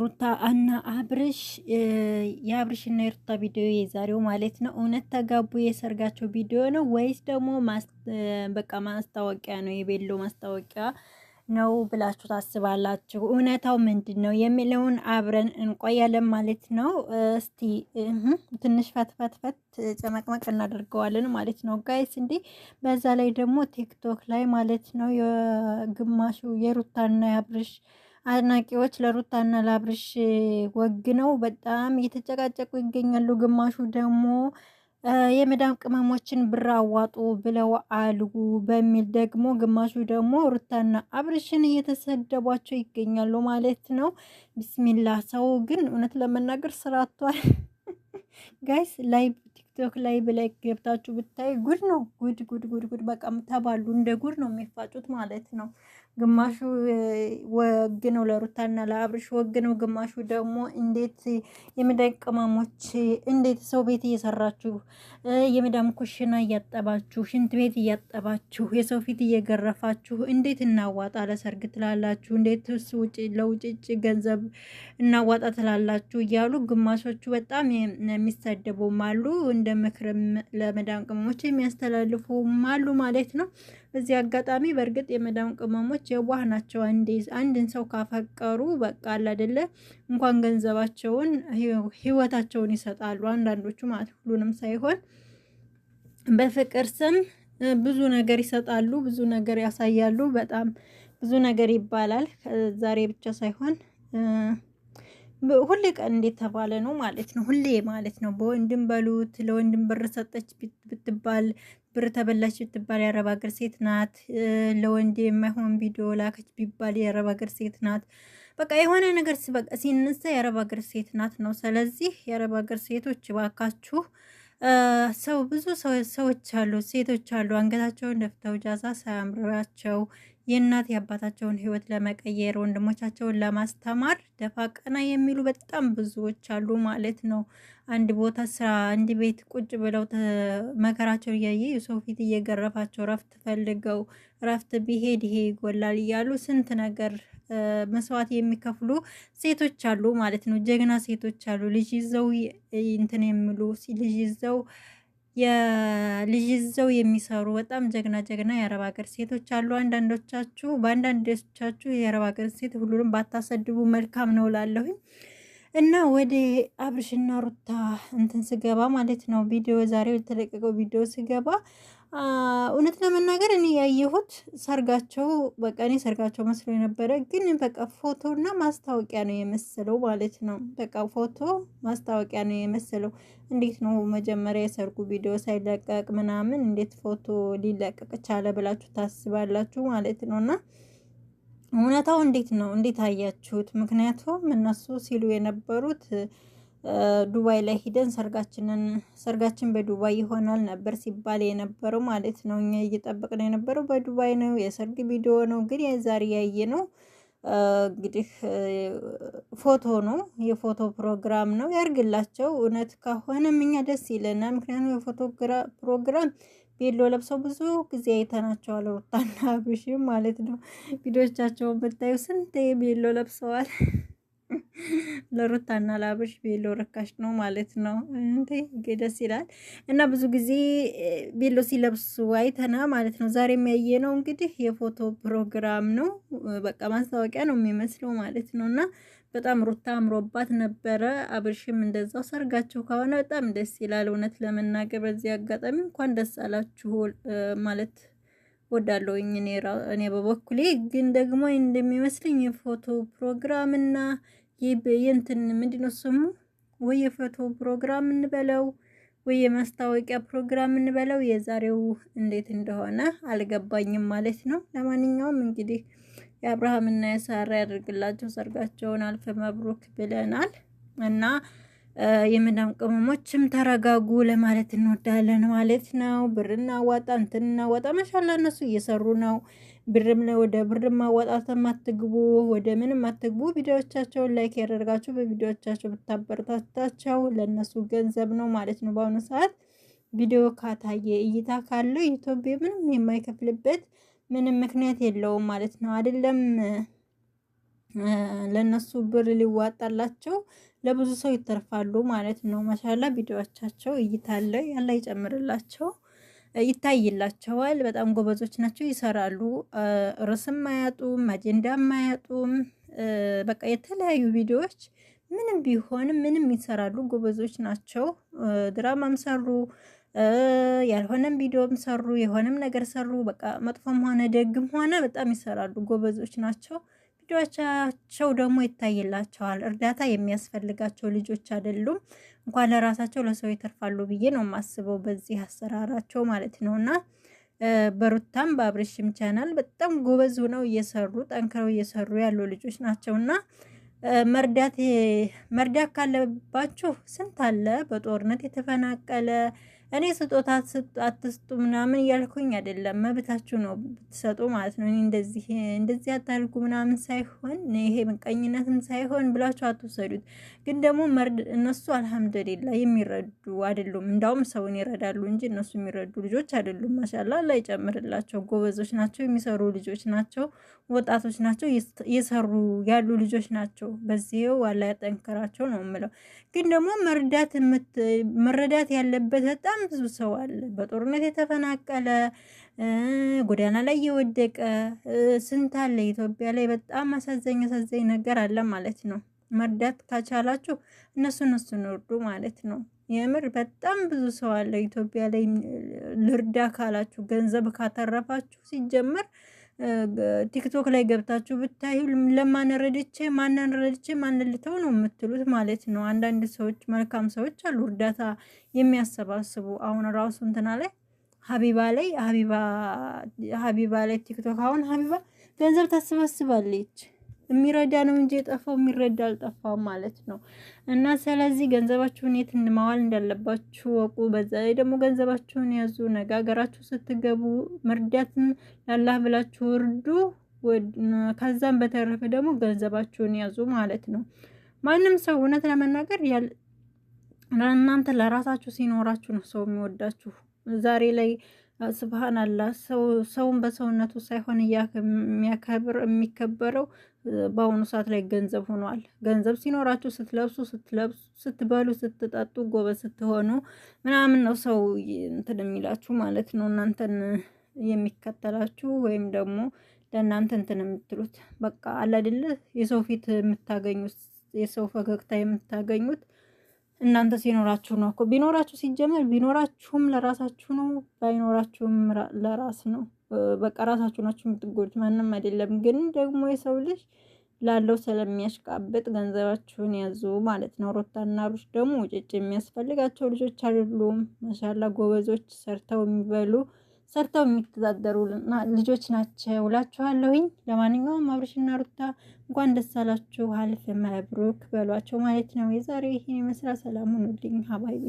ሩታ እና አብርሽ የአብርሽ እና የሩታ ቪዲዮ የዛሬው ማለት ነው። እውነት ተጋቡ የሰርጋቸው ቪዲዮ ነው ወይስ ደግሞ በቃ ማስታወቂያ ነው የቤሎ ማስታወቂያ ነው ብላችሁ ታስባላችሁ? እውነታው ምንድን ነው የሚለውን አብረን እንቆያለን ማለት ነው። እስቲ ትንሽ ፈትፈትፈት ጨመቅመቅ እናደርገዋለን ማለት ነው ጋይስ። እንዲህ በዛ ላይ ደግሞ ቲክቶክ ላይ ማለት ነው የግማሹ የሩታና የአብርሽ አድናቂዎች ለሩታና ለአብርሽ ወግ ነው በጣም እየተጨቃጨቁ ይገኛሉ። ግማሹ ደግሞ የመዳም ቅመሞችን ብር አዋጡ ብለው አሉ በሚል ደግሞ ግማሹ ደግሞ ሩታና አብርሽን እየተሰደቧቸው ይገኛሉ ማለት ነው። ቢስሚላ ሰው ግን እውነት ለመናገር ስራቷል። ጋይስ ላይ ቲክቶክ ላይ ብላይ ገብታችሁ ብታይ ጉድ ነው። ጉድ ጉድ ጉድ ጉድ በቃ ተባሉ። እንደ ጉድ ነው የሚፋጩት ማለት ነው። ግማሹ ወግ ነው ለሩታና ለአብርሽ ወግ ነው፣ ግማሹ ደግሞ እንዴት የመዳም ቅመሞች እንዴት ሰው ቤት እየሰራችሁ የመዳም ኩሽና እያጠባችሁ ሽንት ቤት እያጠባችሁ የሰው ፊት እየገረፋችሁ እንዴት እናዋጣ ለሰርግ ትላላችሁ፣ እንዴት ስ ውጭ ለውጭጭ ገንዘብ እናዋጣ ትላላችሁ እያሉ ግማሾቹ በጣም የሚሳደቡም አሉ፣ እንደ ምክርም ለመዳም ቅማሞች የሚያስተላልፉም አሉ ማለት ነው። እዚህ አጋጣሚ በእርግጥ የመዳም ቅመሞች የዋህ ናቸው። አንድን ሰው ካፈቀሩ በቃ አለ አይደለ እንኳን ገንዘባቸውን ህይወታቸውን ይሰጣሉ። አንዳንዶቹ ማለት ሁሉንም ሳይሆን በፍቅር ስም ብዙ ነገር ይሰጣሉ፣ ብዙ ነገር ያሳያሉ። በጣም ብዙ ነገር ይባላል። ዛሬ ብቻ ሳይሆን ሁሌ ቀን እንዴት ተባለ ነው ማለት ነው። ሁሌ ማለት ነው በወንድም በሉት ለወንድም ብር ሰጠች ብትባል ብር ተበላች ብትባል የአረብ ሀገር ሴት ናት። ለወንድ የማይሆን ቪዲዮ ላከች ቢባል የአረብ ሀገር ሴት ናት። በቃ የሆነ ነገር ሲነሳ የአረብ ሀገር ሴት ናት ነው። ስለዚህ የአረብ ሀገር ሴቶች ባካችሁ ሰው ብዙ ሰዎች አሉ፣ ሴቶች አሉ፣ አንገታቸውን ደፍተው ጃዛ ሳያምራቸው የእናት የአባታቸውን ህይወት ለመቀየር ወንድሞቻቸውን ለማስተማር ደፋ ቀና የሚሉ በጣም ብዙዎች አሉ ማለት ነው። አንድ ቦታ ስራ፣ አንድ ቤት ቁጭ ብለው መከራቸው እያየ የሰው ፊት እየገረፋቸው ረፍት ፈልገው ረፍት ቢሄድ ይሄ ይጎላል እያሉ ስንት ነገር መስዋዕት የሚከፍሉ ሴቶች አሉ ማለት ነው። ጀግና ሴቶች አሉ። ልጅ ይዘው እንትን የሚሉ ልጅ ይዘው የልጅ ይዘው የሚሰሩ በጣም ጀግና ጀግና የአረብ ሀገር ሴቶች አሉ። አንዳንዶቻችሁ በአንዳንዶቻችሁ የአረብ ሀገር ሴት ሁሉንም ባታሰድቡ መልካም ነው ላለሁኝ እና ወደ አብርሽና ሩታ እንትን ስገባ ማለት ነው ቪዲዮ ዛሬው የተለቀቀው ቪዲዮ ስገባ እውነት ለመናገር እኔ ያየሁት ሰርጋቸው በቃ እኔ ሰርጋቸው መስሎ የነበረ ግን በቃ እና ማስታወቂያ ነው የመሰለው ማለት ነው። በቃ ፎቶ ማስታወቂያ ነው የመሰለው። እንዴት ነው መጀመሪያ የሰርጉ ቪዲዮ ሳይለቀቅ ምናምን እንዴት ፎቶ ሊለቀቅ ቻለ ብላችሁ ታስባላችሁ ማለት ነው እና እውነታው እንዴት ነው? እንዴት አያችሁት? ምክንያቱም እነሱ ሲሉ የነበሩት ዱባይ ላይ ሂደን ሰርጋችንን ሰርጋችን በዱባይ ይሆናል ነበር ሲባል የነበረው ማለት ነው። እኛ እየጠበቅን የነበረው በዱባይ ነው፣ የሰርግ ቪዲዮ ነው። ግን የዛሬ ያየ ነው እንግዲህ ፎቶ ነው፣ የፎቶ ፕሮግራም ነው። ያርግላቸው። እውነት ከሆነም እኛ ደስ ይለናል። ምክንያቱም የፎቶ ፕሮግራም ቤሎ ለብሰው ብዙ ጊዜ አይተናቸዋል፣ ሩታና አብርሽ ማለት ነው። ቪዲዮቻቸውን ብታዩ ስንት ቤሎ ለብሰዋል። ለሩታና ለአብርሽ ቤሎ ረካሽ ነው ማለት ነው። እንዴ ደስ ይላል። እና ብዙ ጊዜ ቤሎ ሲለብሱ አይተና ማለት ነው። ዛሬ የሚያየ ነው እንግዲህ የፎቶ ፕሮግራም ነው፣ በቃ ማስታወቂያ ነው የሚመስለው ማለት ነው። እና በጣም ሩታ አምሮባት ነበረ፣ አብርሽም እንደዛው። ሰርጋቸው ከሆነ በጣም ደስ ይላል። እውነት ለመናገር በዚህ አጋጣሚ እንኳን ደስ አላችሁ ማለት ወዳለው እኔ በበኩሌ ግን ደግሞ እንደሚመስለኝ የፎቶ ፕሮግራምና የእንትን ምንድን ነው ስሙ ወይ የፎቶ ፕሮግራም እንበለው ወይ የማስታወቂያ ፕሮግራም እንበለው የዛሬው እንዴት እንደሆነ አልገባኝም ማለት ነው። ለማንኛውም እንግዲህ የአብርሃምና የሳራ ያደርግላቸው ሰርጋቸውን አልፈ መብሩክ ብለናል እና የምናም ቅመሞችም ተረጋጉ ለማለት እንወዳለን ማለት ነው። ብር እናዋጣ እንትን እናዋጣ መሻላ እነሱ እየሰሩ ነው። ብርም ወደ ብርም ማዋጣትም አትግቡ፣ ወደ ምንም አትግቡ። ቪዲዮቻቸውን ላይክ ያደርጋችሁ በቪዲዮቻቸው ብታበረታታቸው ለእነሱ ገንዘብ ነው ማለት ነው። በአሁኑ ሰዓት ቪዲዮ ካታየ እይታ ካለው ኢትዮጵያ ምንም የማይከፍልበት ምንም ምክንያት የለውም ማለት ነው አይደለም ለነሱ ብር ሊዋጣላቸው ለብዙ ሰው ይተርፋሉ ማለት ነው። ማሻላ ቪዲዮዎቻቸው እይታ አለ ያላ ይጨምርላቸው ይታይላቸዋል። በጣም ጎበዞች ናቸው፣ ይሰራሉ። ርዕስም አያጡም፣ አጀንዳም አያጡም። በቃ የተለያዩ ቪዲዮዎች ምንም ቢሆን ምንም ይሰራሉ፣ ጎበዞች ናቸው። ድራማም ሰሩ፣ ያልሆነም ቪዲዮም ሰሩ፣ የሆነም ነገር ሰሩ። በቃ መጥፎም ሆነ ደግም ሆነ በጣም ይሰራሉ፣ ጎበዞች ናቸው። ልጆቻቸው ደግሞ ይታይላቸዋል። እርዳታ የሚያስፈልጋቸው ልጆች አይደሉም። እንኳን ለራሳቸው ለሰው ይተርፋሉ ብዬ ነው የማስበው በዚህ አሰራራቸው ማለት ነው እና በሩታም በአብርሽም ቻናል በጣም ጎበዝ ሆነው እየሰሩ ጠንክረው እየሰሩ ያሉ ልጆች ናቸው እና መርዳት መርዳት ካለባችሁ ስንት አለ በጦርነት የተፈናቀለ እኔ ስጦታ አትስጡ ምናምን እያልኩኝ አይደለም፣ መብታችሁ ነው ብትሰጡ ማለት ነው። እንደዚህ እንደዚህ አታድርጉ ምናምን ሳይሆን ይሄ ምቀኝነትም ሳይሆን ብላችሁ አትወሰዱት። ግን ደግሞ መርድ እነሱ አልሐምዱሊላ የሚረዱ አይደሉም። እንዳውም ሰውን ይረዳሉ እንጂ እነሱ የሚረዱ ልጆች አይደሉም። ማሻላ ላይ ይጨምርላቸው። ጎበዞች ናቸው፣ የሚሰሩ ልጆች ናቸው፣ ወጣቶች ናቸው፣ እየሰሩ ያሉ ልጆች ናቸው። በዚህው አላ ያጠንክራቸው ነው የምለው። ግን ደግሞ መርዳት መረዳት ያለበት በጣም በጣም ብዙ ሰው አለ በጦርነት የተፈናቀለ ጎዳና ላይ የወደቀ ስንት አለ። ኢትዮጵያ ላይ በጣም አሳዘኝ አሳዘኝ ነገር አለ ማለት ነው። መርዳት ካቻላችሁ እነሱ እነሱን እርዱ ማለት ነው። የምር በጣም ብዙ ሰው አለ ኢትዮጵያ ላይ ልርዳ ካላችሁ ገንዘብ ካተረፋችሁ ሲጀመር ቲክቶክ ላይ ገብታችሁ ብታዩ ለማን ረድቼ ማንን ረድቼ ማንን ልተው ነው የምትሉት ማለት ነው። አንዳንድ ሰዎች መልካም ሰዎች አሉ እርዳታ የሚያሰባስቡ አሁን ራሱ እንትና ላይ ሀቢባ ላይ ሀቢባ ላይ ቲክቶክ አሁን ሀቢባ ገንዘብ ታሰባስባለች። የሚረዳ ነው እንጂ የጠፋው የሚረዳ አልጠፋም ማለት ነው። እና ስለዚህ ገንዘባችሁን የት ማዋል እንዳለባችሁ ወቁ። በዛ ላይ ደግሞ ገንዘባችሁን ያዙ። ነገ ሀገራችሁ ስትገቡ መርዳትን ያላህ ብላችሁ እርዱ። ከዛም በተረፈ ደግሞ ገንዘባችሁን ያዙ ማለት ነው። ማንም ሰው እውነት ለመናገር እናንተ ለራሳችሁ ሲኖራችሁ ነው ሰው የሚወዳችሁ። ዛሬ ላይ ስብሃን አላህ ሰውን በሰውነቱ ሳይሆን የሚያከብር የሚከበረው በአሁኑ ሰዓት ላይ ገንዘብ ሆኗል። ገንዘብ ሲኖራችሁ ስትለብሱ ስትለብሱ ስትበሉ ስትጠጡ ጎበዝ ስትሆኑ ምናምን ነው ሰው እንትን የሚላችሁ ማለት ነው። እናንተን የሚከተላችሁ ወይም ደግሞ ለእናንተ እንትን የምትሉት በቃ አለ የሰው ፊት የምታገኙት የሰው ፈገግታ የምታገኙት እናንተ ሲኖራችሁ ነው እኮ። ቢኖራችሁ ሲጀመር ቢኖራችሁም ለራሳችሁ ነው፣ ባይኖራችሁም ለራስ ነው። በቃ ራሳችሁ ናችሁ የምትጎዱት፣ ማንም አይደለም። ግን ደግሞ የሰው ልጅ ላለው ስለሚያሽቃብጥ ገንዘባችሁን ያዙ ማለት ነው። ሮታና ሩች ደግሞ ውጭጭ የሚያስፈልጋቸው ልጆች አይደሉም። መሻላ ጎበዞች፣ ሰርተው የሚበሉ ሰርተው የሚተዳደሩ ልጆች ናቸው ውላችኋለሁኝ። ለማንኛውም አብርሽና ሩታ እንኳን ደስ አላችሁ፣ አልፍ መብሩክ በሏቸው ማለት ነው። የዛሬ ይህን የመስራት ሰላሙን ውልኝ ሀባይቤ